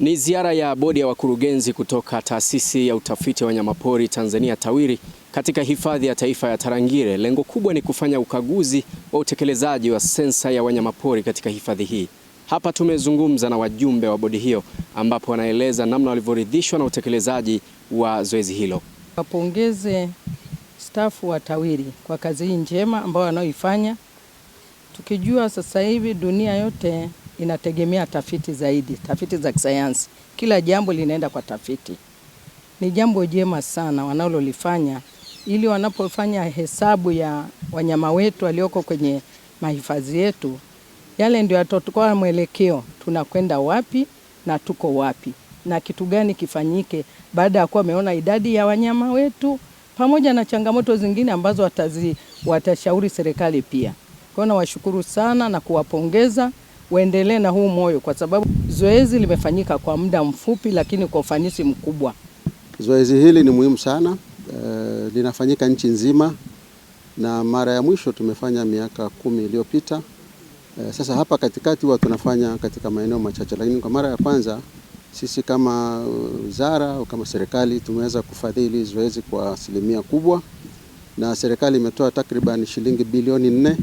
Ni ziara ya bodi ya wakurugenzi kutoka taasisi ya utafiti wa wanyamapori Tanzania TAWIRI katika hifadhi ya taifa ya Tarangire. Lengo kubwa ni kufanya ukaguzi wa utekelezaji wa sensa ya wanyamapori katika hifadhi hii. Hapa tumezungumza na wajumbe wa bodi hiyo, ambapo wanaeleza namna walivyoridhishwa na utekelezaji wa zoezi hilo. Wapongeze stafu wa TAWIRI kwa kazi hii njema ambayo wanaoifanya, tukijua sasa hivi dunia yote inategemea tafiti zaidi, tafiti za kisayansi. Kila jambo linaenda kwa tafiti. Ni jambo jema sana wanalolifanya, ili wanapofanya hesabu ya wanyama wetu walioko kwenye mahifadhi yetu, yale ndio yatatoa mwelekeo, tunakwenda wapi na tuko wapi na kitu gani kifanyike, baada ya kuwa wameona idadi ya wanyama wetu pamoja na changamoto zingine ambazo watazi, watashauri serikali pia. Kwa hiyo nawashukuru sana na kuwapongeza waendelee na huu moyo, kwa sababu zoezi limefanyika kwa muda mfupi, lakini kwa ufanisi mkubwa. Zoezi hili ni muhimu sana, e, linafanyika nchi nzima na mara ya mwisho tumefanya miaka kumi iliyopita. E, sasa hapa katikati huwa tunafanya katika maeneo machache, lakini kwa mara ya kwanza sisi kama wizara eh, au kama serikali tumeweza kufadhili zoezi kwa asilimia kubwa, na serikali imetoa takriban shilingi bilioni nne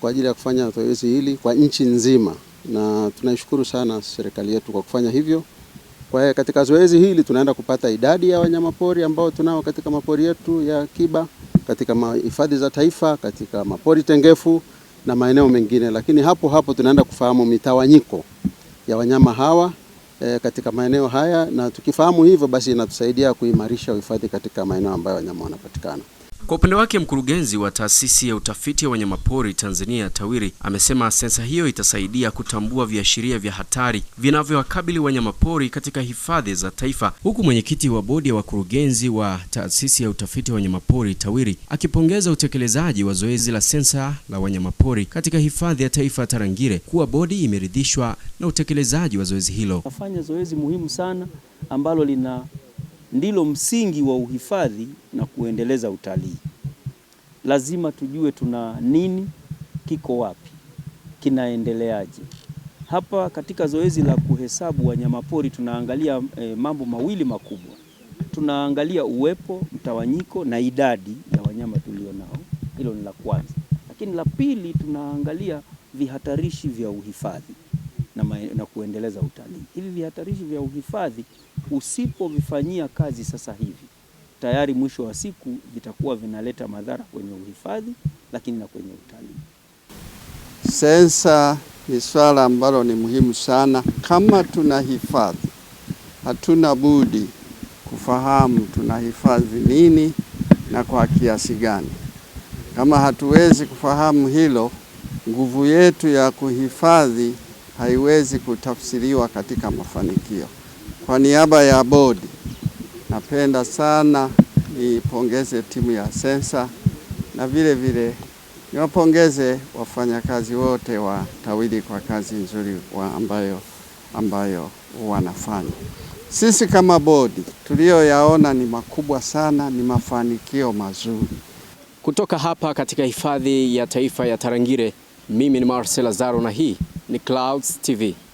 kwa ajili ya kufanya zoezi hili kwa nchi nzima, na tunaishukuru sana serikali yetu kwa kufanya hivyo. Kwa hiyo katika zoezi hili tunaenda kupata idadi ya wanyamapori ambao tunao katika mapori yetu ya akiba, katika hifadhi za taifa, katika mapori tengefu na maeneo mengine, lakini hapo hapo tunaenda kufahamu mitawanyiko ya wanyama hawa e, katika maeneo haya, na tukifahamu hivyo basi inatusaidia kuimarisha uhifadhi katika maeneo ambayo wanyama wanapatikana. Kwa upande wake mkurugenzi wa taasisi ya utafiti wa wanyamapori Tanzania TAWIRI amesema sensa hiyo itasaidia kutambua viashiria vya hatari vinavyowakabili wanyamapori katika hifadhi za taifa, huku mwenyekiti wa bodi ya wakurugenzi wa taasisi ya utafiti wa wanyamapori TAWIRI akipongeza utekelezaji wa zoezi la sensa la wanyamapori katika hifadhi ya taifa ya Tarangire kuwa bodi imeridhishwa na utekelezaji wa zoezi hilo. Wafanya zoezi muhimu sana ambalo lina ndilo msingi wa uhifadhi na kuendeleza utalii. Lazima tujue tuna nini, kiko wapi, kinaendeleaje. Hapa katika zoezi la kuhesabu wanyamapori tunaangalia e, mambo mawili makubwa. Tunaangalia uwepo, mtawanyiko na idadi ya wanyama tulio nao. Hilo ni la kwanza, lakini la pili tunaangalia vihatarishi vya uhifadhi na, na kuendeleza utalii. Hivi vihatarishi vya uhifadhi Usipovifanyia kazi sasa hivi, tayari mwisho wa siku vitakuwa vinaleta madhara kwenye uhifadhi, lakini na kwenye utalii. Sensa ni swala ambalo ni muhimu sana. Kama tunahifadhi, hatuna budi kufahamu tunahifadhi nini na kwa kiasi gani. Kama hatuwezi kufahamu hilo, nguvu yetu ya kuhifadhi haiwezi kutafsiriwa katika mafanikio. Kwa niaba ya bodi, napenda sana nipongeze timu ya sensa na vile vile niwapongeze wafanyakazi wote wa TAWIRI kwa kazi nzuri wa ambayo, ambayo wanafanya. Sisi kama bodi tuliyoyaona ni makubwa sana, ni mafanikio mazuri. Kutoka hapa katika hifadhi ya taifa ya Tarangire, mimi ni Marcel Lazaro na hii ni Clouds TV.